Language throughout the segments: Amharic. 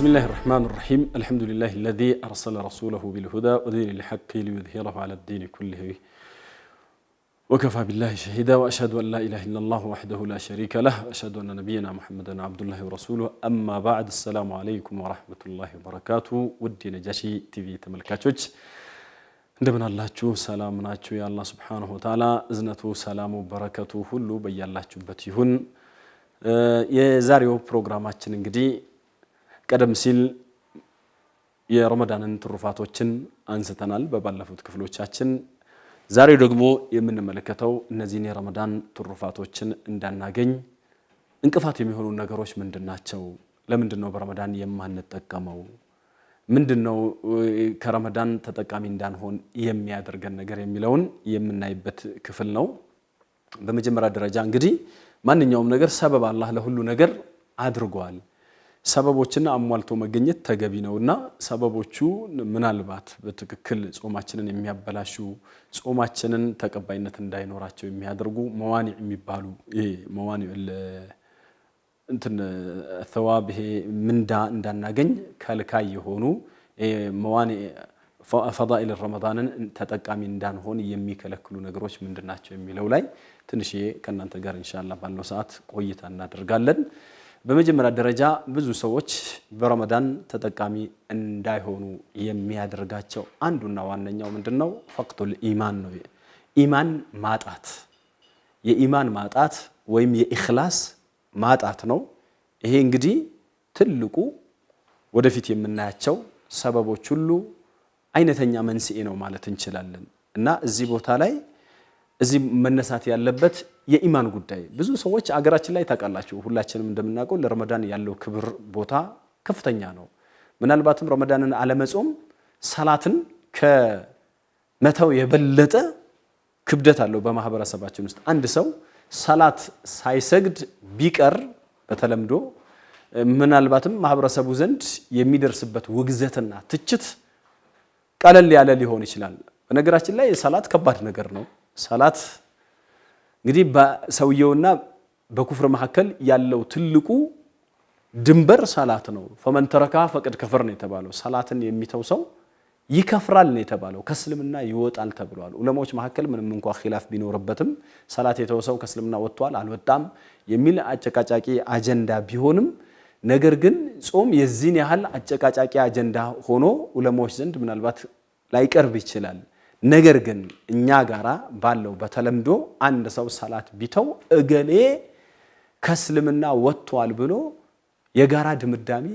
بسم الله الرحمن الرحيم الحمد لله الذي أرسل رسوله بالهدى ودين الحق ليظهره على الدين كله وكفى بالله شهيدا وأشهد أن لا إله إلا الله وحده لا شريك له وأشهد أن نبينا محمدا عبد الله ورسوله أما بعد السلام عليكم ورحمة الله وبركاته ودي نجاشي تيفي تملكاتوش دبنا الله تشو እንደምን አላችሁ? ሰላም ናችሁ? የአላህ ስብሓነሁ ወተዓላ እዝነቱ ሰላሙ በረከቱ ሁሉ በያላችሁበት ይሁን። የዛሬው ፕሮግራማችን እንግዲህ ቀደም ሲል የረመዳንን ትሩፋቶችን አንስተናል በባለፉት ክፍሎቻችን። ዛሬ ደግሞ የምንመለከተው እነዚህን የረመዳን ትሩፋቶችን እንዳናገኝ እንቅፋት የሚሆኑ ነገሮች ምንድን ናቸው? ለምንድን ነው በረመዳን የማንጠቀመው? ምንድን ነው ከረመዳን ተጠቃሚ እንዳንሆን የሚያደርገን ነገር የሚለውን የምናይበት ክፍል ነው። በመጀመሪያ ደረጃ እንግዲህ ማንኛውም ነገር ሰበብ አላህ ለሁሉ ነገር አድርጓል። ሰበቦችን አሟልቶ መገኘት ተገቢ ነው እና ሰበቦቹ ምናልባት በትክክል ጾማችንን የሚያበላሹ ጾማችንን ተቀባይነት እንዳይኖራቸው የሚያደርጉ መዋኒዕ የሚባሉ ይሄ መዋኒዕ እንትን ተዋብ ይሄ ምንዳ እንዳናገኝ ከልካይ የሆኑ መዋኒዕ ፈዳኢል ረመዳንን ተጠቃሚ እንዳንሆን የሚከለክሉ ነገሮች ምንድን ናቸው የሚለው ላይ ትንሽ ከእናንተ ጋር እንሻላ ባለው ሰዓት ቆይታ እናደርጋለን። በመጀመሪያ ደረጃ ብዙ ሰዎች በረመዳን ተጠቃሚ እንዳይሆኑ የሚያደርጋቸው አንዱና ዋነኛው ምንድን ነው? ፈቅዱል ኢማን ነው። ኢማን ማጣት የኢማን ማጣት ወይም የኢኽላስ ማጣት ነው። ይሄ እንግዲህ ትልቁ ወደፊት የምናያቸው ሰበቦች ሁሉ አይነተኛ መንስኤ ነው ማለት እንችላለን እና እዚህ ቦታ ላይ እዚህ መነሳት ያለበት የኢማን ጉዳይ ብዙ ሰዎች አገራችን ላይ ታውቃላችሁ፣ ሁላችንም እንደምናውቀው ለረመዳን ያለው ክብር ቦታ ከፍተኛ ነው። ምናልባትም ረመዳንን አለመጾም ሰላትን ከመተው የበለጠ ክብደት አለው በማህበረሰባችን ውስጥ። አንድ ሰው ሰላት ሳይሰግድ ቢቀር በተለምዶ ምናልባትም ማህበረሰቡ ዘንድ የሚደርስበት ውግዘትና ትችት ቀለል ያለ ሊሆን ይችላል። በነገራችን ላይ ሰላት ከባድ ነገር ነው። ሰላት እንግዲህ በሰውየውና በኩፍር መካከል ያለው ትልቁ ድንበር ሰላት ነው። ፈመን ተረካ ፈቅድ ከፍር ነው የተባለው። ሰላትን የሚተው ሰው ይከፍራል ነው የተባለው፣ ከእስልምና ይወጣል ተብሏል። ዑለማዎች መካከል ምንም እንኳ ኺላፍ ቢኖርበትም ሰላት የተው ሰው ከእስልምና ወጥቷል አልወጣም የሚል አጨቃጫቂ አጀንዳ ቢሆንም ነገር ግን ጾም የዚህን ያህል አጨቃጫቂ አጀንዳ ሆኖ ዑለማዎች ዘንድ ምናልባት ላይቀርብ ይችላል። ነገር ግን እኛ ጋራ ባለው በተለምዶ አንድ ሰው ሰላት ቢተው እገሌ ከእስልምና ወጥቷል ብሎ የጋራ ድምዳሜ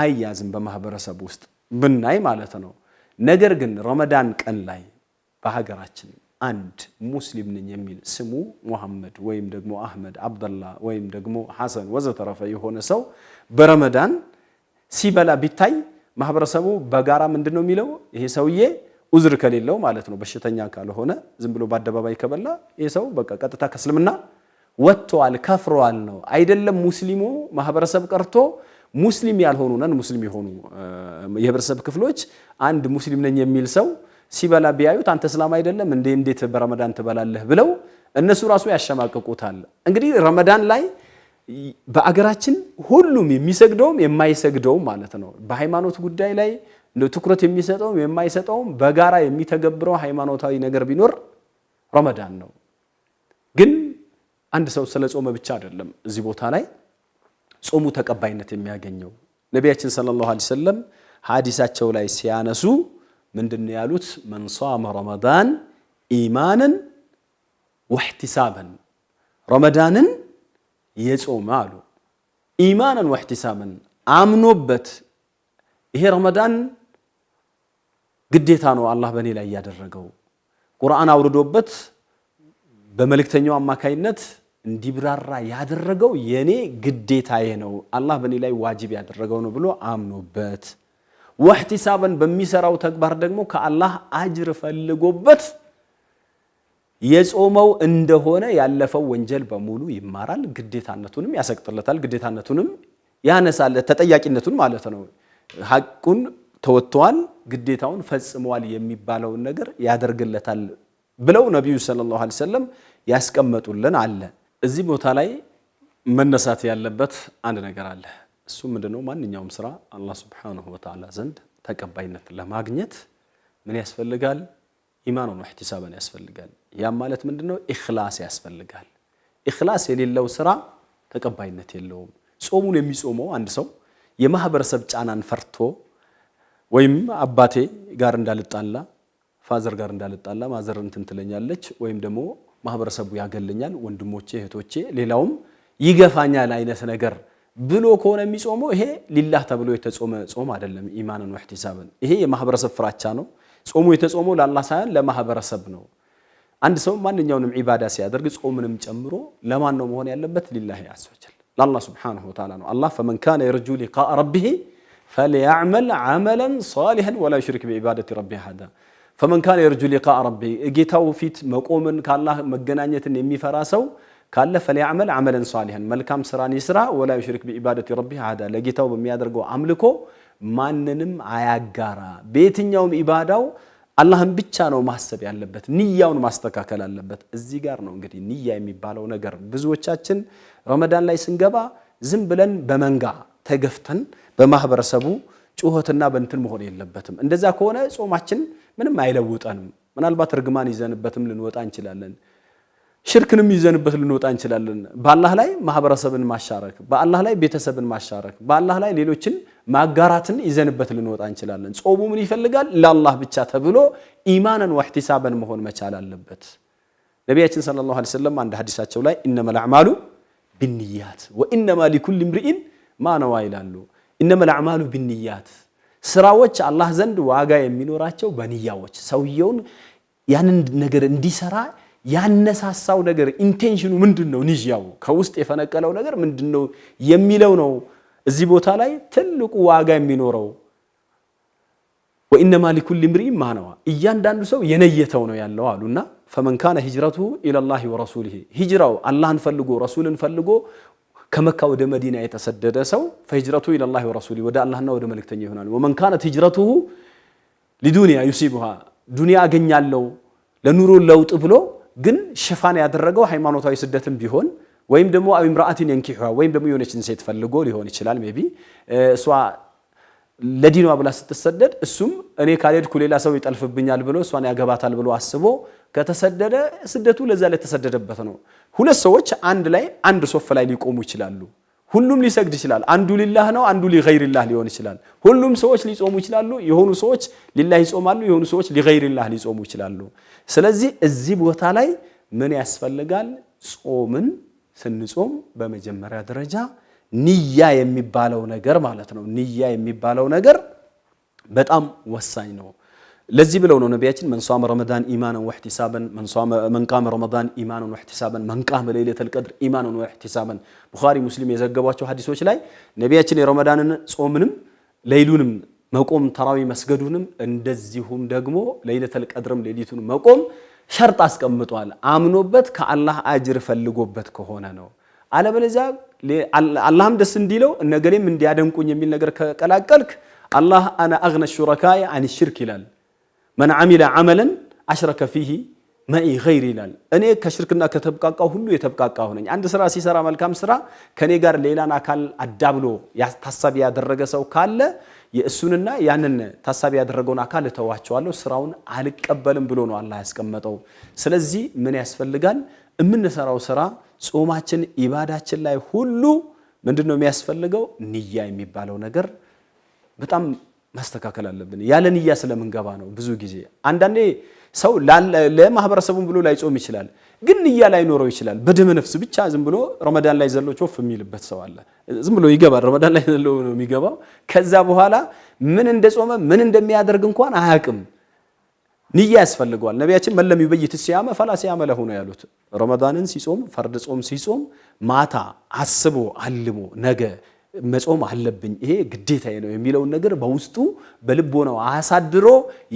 አይያዝም በማህበረሰብ ውስጥ ብናይ ማለት ነው። ነገር ግን ረመዳን ቀን ላይ በሀገራችን አንድ ሙስሊም ነኝ የሚል ስሙ ሙሐመድ ወይም ደግሞ አህመድ፣ አብደላ ወይም ደግሞ ሐሰን ወዘተረፈ የሆነ ሰው በረመዳን ሲበላ ቢታይ ማህበረሰቡ በጋራ ምንድን ነው የሚለው ይሄ ሰውዬ ኡዝር ከሌለው ማለት ነው በሽተኛ ካልሆነ ዝም ብሎ በአደባባይ ከበላ ይህ ሰው በቃ ቀጥታ ከእስልምና ወጥተዋል፣ ከፍረዋል ነው አይደለም። ሙስሊሙ ማህበረሰብ ቀርቶ ሙስሊም ነን ሙስሊም የሆኑ የህብረተሰብ ክፍሎች አንድ ሙስሊም ነኝ የሚል ሰው ሲበላ ቢያዩት አንተ እስላም አይደለም እንዴ እንዴት በረመዳን ትበላለህ ብለው እነሱ ራሱ ያሸማቅቁታል። እንግዲህ ረመዳን ላይ በአገራችን ሁሉም የሚሰግደውም የማይሰግደውም ማለት ነው በሃይማኖት ጉዳይ ላይ ትኩረት የሚሰጠውም የማይሰጠውም በጋራ የሚተገብረው ሃይማኖታዊ ነገር ቢኖር ረመዳን ነው። ግን አንድ ሰው ስለ ጾመ ብቻ አይደለም እዚህ ቦታ ላይ ጾሙ ተቀባይነት የሚያገኘው። ነቢያችን ሰለላሁ ዐለይሂ ወሰለም ሐዲሳቸው ላይ ሲያነሱ ምንድን ያሉት? መን ሷመ ረመዳን ኢማንን ወሕቲሳበን ረመዳንን የጾመ አሉ ኢማንን ወሕቲሳበን አምኖበት ይሄ ረመዳን ግዴታ ነው አላህ በእኔ ላይ ያደረገው። ቁርአን አውርዶበት በመልእክተኛው አማካይነት እንዲብራራ ያደረገው የኔ ግዴታዬ ነው፣ አላህ በእኔ ላይ ዋጅብ ያደረገው ነው ብሎ አምኖበት ወህቲሳበን በሚሰራው ተግባር ደግሞ ከአላህ አጅር ፈልጎበት የጾመው እንደሆነ ያለፈው ወንጀል በሙሉ ይማራል። ግዴታነቱንም ያሰቅጥለታል። ግዴታነቱንም ያነሳል። ተጠያቂነቱን ማለት ነው ሐቁን ተወጥተዋል፣ ግዴታውን ፈጽመዋል የሚባለውን ነገር ያደርግለታል ብለው ነቢዩ ሰለላሁ ዐለይሂ ወሰለም ያስቀመጡልን አለ። እዚህ ቦታ ላይ መነሳት ያለበት አንድ ነገር አለ። እሱ ምንድነው? ማንኛውም ስራ አላህ ሱብሓነሁ ወተዓላ ዘንድ ተቀባይነት ለማግኘት ምን ያስፈልጋል? ኢማን ነው፣ ያስፈልጋል። ያም ማለት ምንድነው? ኢኽላስ ያስፈልጋል። ኢኽላስ የሌለው ስራ ተቀባይነት የለውም። ጾሙን የሚጾመው አንድ ሰው የማህበረሰብ ጫናን ፈርቶ ወይም አባቴ ጋር እንዳልጣላ ፋዘር ጋር እንዳልጣላ ማዘር እንትን ትለኛለች፣ ወይም ደግሞ ማህበረሰቡ ያገለኛል፣ ወንድሞቼ እህቶቼ፣ ሌላውም ይገፋኛል አይነት ነገር ብሎ ከሆነ የሚጾመው ይሄ ሊላህ ተብሎ የተጾመ ጾም አይደለም። ኢማንን ወሕቲሳብን ይሄ የማህበረሰብ ፍራቻ ነው። ጾሙ የተጾመው ለአላህ ሳይሆን ለማህበረሰብ ነው። አንድ ሰው ማንኛውንም ዒባዳ ሲያደርግ ጾምንም ጨምሮ ለማን ነው መሆን ያለበት? ሊላህ ያስወጀል ለአላህ ስብሓነሁ ወተዓላ ነው። አላህ ፈመን ካነ የርጁ ሊቃ ረቢሄ ፈሊያዕመል ዓመለን ሷሊሐን ወላ ዩሽሪክ ቢዒባደቲ ረቢ አሐዳ ፈመን ካነ የርጁ ሊቃአ ረቢ ጌታው ፊት መቆምን ከአላህ መገናኘትን የሚፈራ ሰው ካለ ፈሊያዕመል ዓመለን ሷሊሐን መልካም ስራን ይስራ። ወላ ዩሽሪክ ቢዒባደቲ ረቢ አሐዳ ለጌታው በሚያደርገው አምልኮ ማንንም አያጋራ። በየትኛውም ኢባዳው አላህን ብቻ ነው ማሰብ ያለበት። ንያውን ማስተካከል አለበት። እዚህ ጋር ነው እንግዲህ ንያ የሚባለው ነገር ብዙዎቻችን ረመዳን ላይ ስንገባ ዝም ብለን በመንጋ ተገፍተን በማህበረሰቡ ጩኸትና በእንትን መሆን የለበትም። እንደዛ ከሆነ ጾማችን ምንም አይለውጠንም። ምናልባት እርግማን ይዘንበትም ልንወጣ እንችላለን። ሽርክንም ይዘንበት ልንወጣ እንችላለን። በአላህ ላይ ማህበረሰብን ማሻረክ፣ በአላህ ላይ ቤተሰብን ማሻረክ፣ በአላህ ላይ ሌሎችን ማጋራትን ይዘንበት ልንወጣ እንችላለን። ጾሙ ምን ይፈልጋል? ለአላህ ብቻ ተብሎ ኢማንን ወህቲሳበን መሆን መቻል አለበት። ነቢያችን ሰለላሁ ዐለይሂ ወሰለም አንድ ሀዲሳቸው ላይ ኢነመል አዕማሉ ቢንያት ወኢነማ ሊኩል ምርኢን ማነዋ ይላሉ። ኢነመል አዕማሉ ቢንያት ስራዎች አላህ ዘንድ ዋጋ የሚኖራቸው በንያዎች ሰውየውን ያንን ነገር እንዲሰራ ያነሳሳው ነገር ኢንቴንሽኑ ምንድን ነው? ንያው ከውስጥ የፈነቀለው ነገር ምንድን ነው የሚለው ነው። እዚህ ቦታ ላይ ትልቁ ዋጋ የሚኖረው ወኢነማ ሊኩል ምርኢን ማ ነዋ፣ እያንዳንዱ ሰው የነየተው ነው ያለው አሉና ፈመን ካነ ሂጅረቱሁ ኢለላሂ ወረሱሊሂ ሂጅራው አላህን ፈልጎ ረሱልን ፈልጎ ከመካ ወደ መዲና የተሰደደ ሰው ፈሂጅረቱ ኢለላሂ ወረሱሊ ወደ አላህና ወደ መልእክተኛ ይሆናል። ወመን ካነት ሂጅረቱሁ ሊዱንያ ዩሲቡሃ ዱንያ አገኛለው ለኑሮ ለውጥ ብሎ ግን ሽፋን ያደረገው ሃይማኖታዊ ስደትም ቢሆን ወይም ደግሞ አው ምርአትን ወይም ደግሞ የሆነችን ሴት ፈልጎ ሊሆን ይችላል ሜይ ቢ እሷ ለዲኗ ብላ ስትሰደድ እሱም እኔ ካልሄድኩ ሌላ ሰው ይጠልፍብኛል ብሎ እሷን ያገባታል ብሎ አስቦ ከተሰደደ ስደቱ ለዛ ላይ የተሰደደበት ነው። ሁለት ሰዎች አንድ ላይ አንድ ሶፍ ላይ ሊቆሙ ይችላሉ። ሁሉም ሊሰግድ ይችላል። አንዱ ሊላህ ነው፣ አንዱ ሊገይርላህ ሊሆን ይችላል። ሁሉም ሰዎች ሊጾሙ ይችላሉ። የሆኑ ሰዎች ሊላህ ይጾማሉ፣ የሆኑ ሰዎች ሊገይርላህ ሊጾሙ ይችላሉ። ስለዚህ እዚህ ቦታ ላይ ምን ያስፈልጋል? ጾምን ስንጾም በመጀመሪያ ደረጃ ንያ የሚባለው ነገር ማለት ነው። ንያ የሚባለው ነገር በጣም ወሳኝ ነው። ለዚህ ብለው ነው ነቢያችን ሷመ ረመዳን ኢማንን ወሕቲሳበን መንቃመ ረመዳን ኢማን ወሕቲሳበን መንቃመ ሌይለተል ቀድር ኢማንን ወሕቲሳበን ቡኻሪ ሙስሊም የዘገቧቸው ሀዲሶች ላይ ነቢያችን የረመዳንን ጾምንም ሌይሉንም መቆም ተራዊ መስገዱንም እንደዚሁም ደግሞ ሌይለተል ቀድርም ሌሊቱን መቆም ሸርጥ አስቀምጧል። አምኖበት ከአላህ አጅር ፈልጎበት ከሆነ ነው። አለበለዚያ አላህም ደስ እንዲለው እነገሌም እንዲያደንቁኝ የሚል ነገር ከቀላቀልክ አላህ አነ አግነ ሹረካይ አን ሽርክ ይላል። መን ዓሚለ ዓመለን አሽረከ ፊሂ መኢ ገይር ይላል። እኔ ከሽርክና ከተብቃቃው ሁሉ የተብቃቃሁ ነኝ። አንድ ስራ ሲሰራ መልካም ስራ ከእኔ ጋር ሌላን አካል አዳብሎ ታሳቢ ያደረገ ሰው ካለ የእሱንና ያንን ታሳቢ ያደረገውን አካል እተዋቸዋለሁ፣ ስራውን አልቀበልም ብሎ ነው አላህ ያስቀመጠው። ስለዚህ ምን ያስፈልጋል? የምንሰራው ስራ ጾማችን ኢባዳችን ላይ ሁሉ ምንድን ነው የሚያስፈልገው? ንያ የሚባለው ነገር በጣም ማስተካከል አለብን። ያለ ንያ ስለምንገባ ነው። ብዙ ጊዜ አንዳንዴ ሰው ለማህበረሰቡም ብሎ ላይጾም ይችላል፣ ግን ንያ ላይኖረው ይችላል። በደመ ነፍስ ብቻ ዝም ብሎ ረመዳን ላይ ዘሎች ወፍ የሚልበት ሰው አለ። ዝም ብሎ ይገባል፣ ረመዳን ላይ ዘሎ ነው የሚገባው። ከዛ በኋላ ምን እንደጾመ ምን እንደሚያደርግ እንኳን አያውቅም። ንያ ያስፈልገዋል። ነቢያችን መለም ይበይት ሲያመ ፈላ ሲያመ ለሁ ነው ያሉት። ረመዳንን ሲጾም ፈርድ ጾም ሲጾም ማታ አስቦ አልሞ ነገ መጾም አለብኝ ይሄ ግዴታዬ ነው የሚለውን ነገር በውስጡ በልቦ ነው አሳድሮ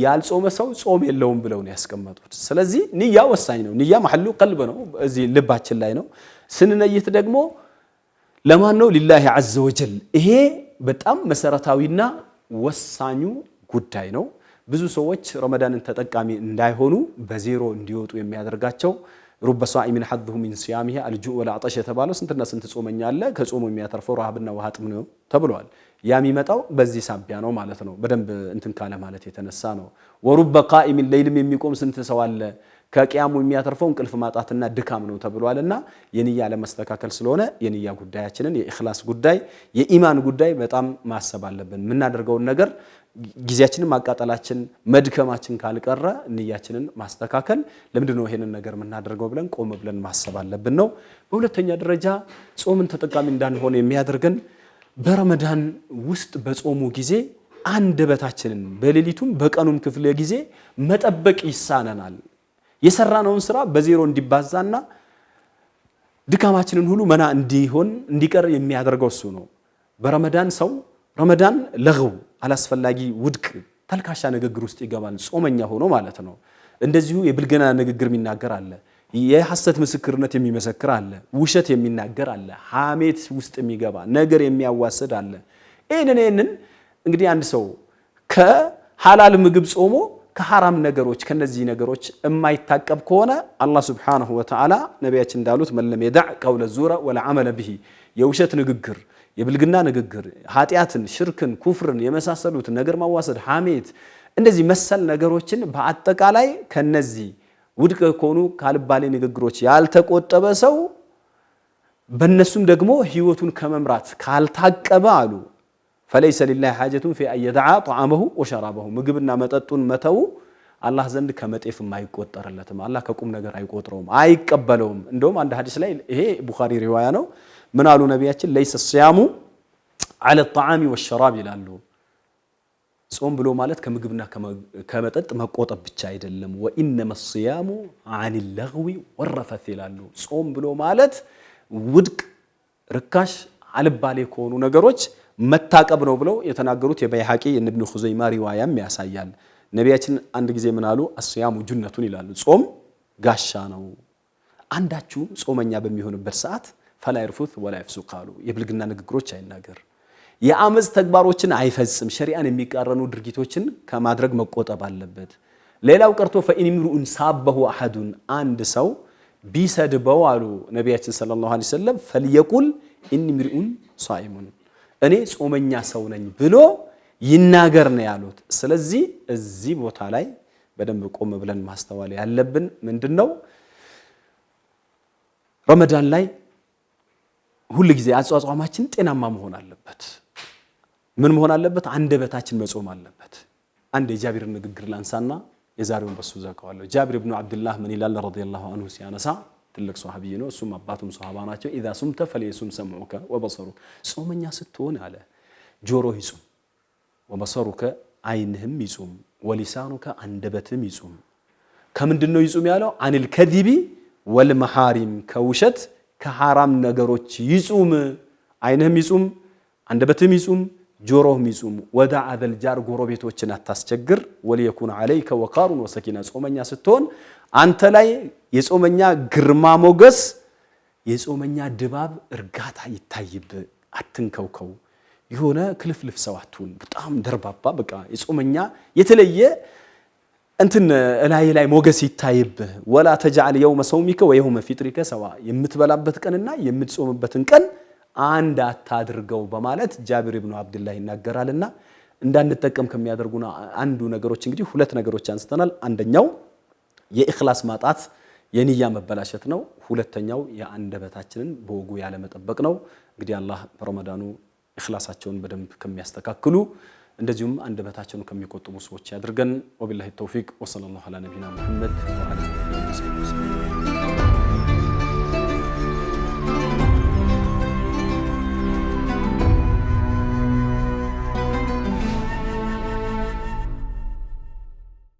ያልጾመ ሰው ጾም የለውም ብለው ነው ያስቀመጡት። ስለዚህ ንያ ወሳኝ ነው። ንያ መሐሉ ቀልብ ነው፣ እዚህ ልባችን ላይ ነው። ስንነይት ደግሞ ለማን ነው? ሊላሂ ዐዘ ወጀል። ይሄ በጣም መሰረታዊና ወሳኙ ጉዳይ ነው። ብዙ ሰዎች ረመዳንን ተጠቃሚ እንዳይሆኑ በዜሮ እንዲወጡ የሚያደርጋቸው ሩበ ሷኢሚን ሐዙሁ ሚን አልጁ አልጁዕ ወልዓጠሽ የተባለው ስንትና ስንት ጾመኛ አለ ከጾሙ የሚያተርፈው ረሃብና ውሃ ጥም ነው ተብሏል። ያ የሚመጣው በዚህ ሳቢያ ነው ማለት ነው። በደንብ እንትን ካለ ማለት የተነሳ ነው። ወሩበ ቃኢሚን ሌይልም የሚቆም ስንት ሰው አለ ከቅያሙ የሚያተርፈው እንቅልፍ ማጣትና ድካም ነው ተብሏልና የንያ ለመስተካከል ስለሆነ የንያ ጉዳያችንን የኢኽላስ ጉዳይ የኢማን ጉዳይ በጣም ማሰብ አለብን። የምናደርገውን ነገር ጊዜያችንን ማቃጠላችን መድከማችን ካልቀረ ንያችንን ማስተካከል ለምንድን ነው ይሄንን ነገር የምናደርገው ብለን ቆም ብለን ማሰብ አለብን ነው። በሁለተኛ ደረጃ ጾምን ተጠቃሚ እንዳንሆነ የሚያደርገን በረመዳን ውስጥ በጾሙ ጊዜ አንደበታችንን በሌሊቱም በቀኑም ክፍለ ጊዜ መጠበቅ ይሳነናል። የሰራነውን ስራ በዜሮ እንዲባዛና ድካማችንን ሁሉ መና እንዲሆን እንዲቀር የሚያደርገው እሱ ነው። በረመዳን ሰው ረመዳን ለው አላስፈላጊ ውድቅ ተልካሻ ንግግር ውስጥ ይገባል፣ ጾመኛ ሆኖ ማለት ነው። እንደዚሁ የብልግና ንግግር የሚናገር አለ፣ የሐሰት ምስክርነት የሚመሰክር አለ፣ ውሸት የሚናገር አለ፣ ሐሜት ውስጥ የሚገባ ነገር የሚያዋስድ አለ። ይህንን ይህንን እንግዲህ አንድ ሰው ከሐላል ምግብ ጾሞ ከሐራም ነገሮች ከነዚህ ነገሮች የማይታቀብ ከሆነ አላህ ሱብሓነሁ ወተዓላ ነቢያችን እንዳሉት መለም የዳዕ ቀውለ ዙረ ወላ አመለ ብሂ የውሸት ንግግር፣ የብልግና ንግግር፣ ኃጢአትን፣ ሽርክን፣ ኩፍርን የመሳሰሉትን ነገር ማዋሰድ፣ ሐሜት፣ እንደዚህ መሰል ነገሮችን በአጠቃላይ ከነዚህ ውድቅ ከሆኑ ካልባሌ ንግግሮች ያልተቆጠበ ሰው በእነሱም ደግሞ ህይወቱን ከመምራት ካልታቀበ አሉ ፈለይሰ ሊላሂ ሓጀቱን ፊ አን የተዓ ወሸራበሁ ምግብና መጠጡን መተው አላህ ዘንድ ከመጤፍም አይቆጠርለትም። አላህ ከቁም ነገር አይቆጥረውም፣ አይቀበለውም። እንደውም አንድ ሀዲስ ላይ ይሄ ቡኻሪ ሪዋያ ነው። ምን አሉ ነቢያችን? ለይሰ ሲያሙ አለ ጣዓሚ ወሸራብ ይላሉ። ጾም ብሎ ማለት ከምግብና ከመጠጥ መቆጠብ ብቻ አይደለም። ወኢነመ ሲያሙ አን ለግዊ ወረፈት ይላሉ። ጾም ብሎ ማለት ውድቅ፣ ርካሽ፣ አልባሌ ከሆኑ ነገሮች መታቀብ ነው ብለው የተናገሩት የበይሐቂ የእብኑ ኹዘይማ ሪዋያም ያሳያል። ነቢያችን አንድ ጊዜ ምን አሉ? አስያሙ ጁነቱን ይላሉ፣ ጾም ጋሻ ነው። አንዳችሁ ጾመኛ በሚሆንበት ሰዓት ፈላ ይርፉት ወላ ይፍሱ ካሉ የብልግና ንግግሮች አይናገር፣ የአመፅ ተግባሮችን አይፈጽም፣ ሸሪዓን የሚቃረኑ ድርጊቶችን ከማድረግ መቆጠብ አለበት። ሌላው ቀርቶ ፈኢንምሩኡን ሳበሁ አሐዱን አንድ ሰው ቢሰድበው አሉ ነቢያችን ሰለላሁ ዐለይሂ ወሰለም ፈልየቁል ኢንምሩኡን ሷኢሙን እኔ ጾመኛ ሰው ነኝ ብሎ ይናገር ነው ያሉት። ስለዚህ እዚህ ቦታ ላይ በደንብ ቆም ብለን ማስተዋል ያለብን ምንድን ነው? ረመዳን ላይ ሁል ጊዜ አጽዋጽዋማችን ጤናማ መሆን አለበት። ምን መሆን አለበት? አንደበታችን መጾም አለበት። አንድ የጃቢር ንግግር ላንሳና የዛሬውን በሱ ዘጋዋለሁ። ጃቢር ብኑ አብድላህ ምን ይላል? ረዲየላሁ አንሁ ሲያነሳ ትልቅ ሶሐቢይ ነው። እሱም አባቱም ሶሐባ ናቸው። ኢዛ ሱምተ ፈሊሱም ሰምዑከ ወበሰሩከ፣ ጾመኛ ስትሆን አለ ጆሮህ ይጹም፣ ወበሰሩከ አይንህም ይጹም፣ ወሊሳኑከ አንደበትም ይጹም። ከምንድን ነው ይጹም ያለው? አኒል ከዚቢ ወልመሐሪም፣ ከውሸት ከሐራም ነገሮች ይጹም። አይንህም ይጹም፣ አንደበትም ይጹም ጆሮህ ሚጹም ወዳ አዘል ጃር ጎረቤቶችን አታስቸግር። ወልየኩን ዓለይከ ወቃሩን ወሰኪና ጾመኛ ስትሆን አንተ ላይ የጾመኛ ግርማ ሞገስ፣ የጾመኛ ድባብ እርጋታ ይታይብ። አትንከውከው፣ የሆነ ክልፍልፍ ሰው አትሁን። በጣም ደርባባ በቃ የጾመኛ የተለየ እንትን እላይ ላይ ሞገስ ይታይብ። ወላ ተጃል የውመ ሰውሚከ ወየውመ ፊጥሪከ ሰዋ የምትበላበት ቀንና የምትጾምበትን ቀን አንድ አታድርገው በማለት ጃቢር ብኑ አብድላህ ይናገራልና እንዳንጠቀም ከሚያደርጉ አንዱ ነገሮች እንግዲህ ሁለት ነገሮች አንስተናል። አንደኛው የኢኽላስ ማጣት የንያ መበላሸት ነው። ሁለተኛው የአንደበታችንን በወጉ ያለመጠበቅ ነው። እንግዲህ አላህ በረመዳኑ ኢኽላሳቸውን በደንብ ከሚያስተካክሉ እንደዚሁም አንደበታቸውን ከሚቆጥቡ ሰዎች ያድርገን። ወቢላሂ ተውፊቅ ወሰለላሁ ዐላ ነቢና ሙሐመድ